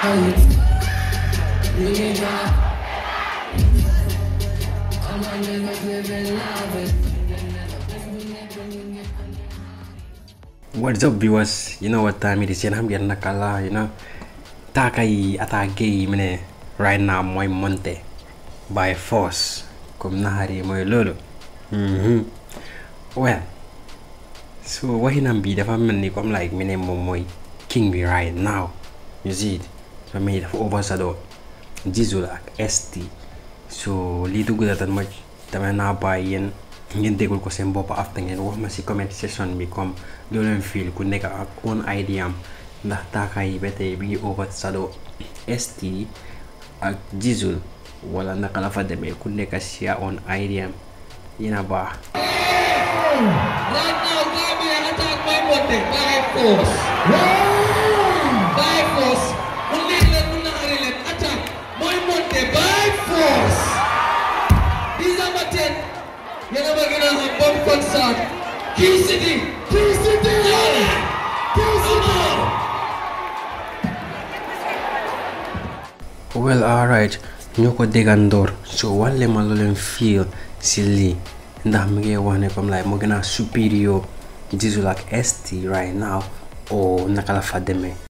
Hey, we What's up viewers, you know what time it is, yan ham yan nakala, you know Takay atagay mene, right now moy monte By force, kum nahari moy lolo mm -hmm. Well, so what he wahinambi dafa mene kom like mene mo moy king me right now You see it famille dafa overshadow Jizzle ak ST so lii dugg la tan ma dama naa bàyyi yéen ngeen déggul ko seen bo pa ngeen wax wo masi comment session mi kom, loo len fil ku neka ak on idea am ndax taakaay yi bete bi ngi overshadow ST ak Jizzle wala na kala fa demee ku neka sia on idea am yéena Right now, Gambia attack by Monday by force. captain. You're never gonna have a bomb concert. Key City. Key City. Key City. Well, alright. Nyoko degandor. So wale malolen feel silly. Ndamge wane kom like mogena superior. This like ST right now. Or oh, nakala fademe.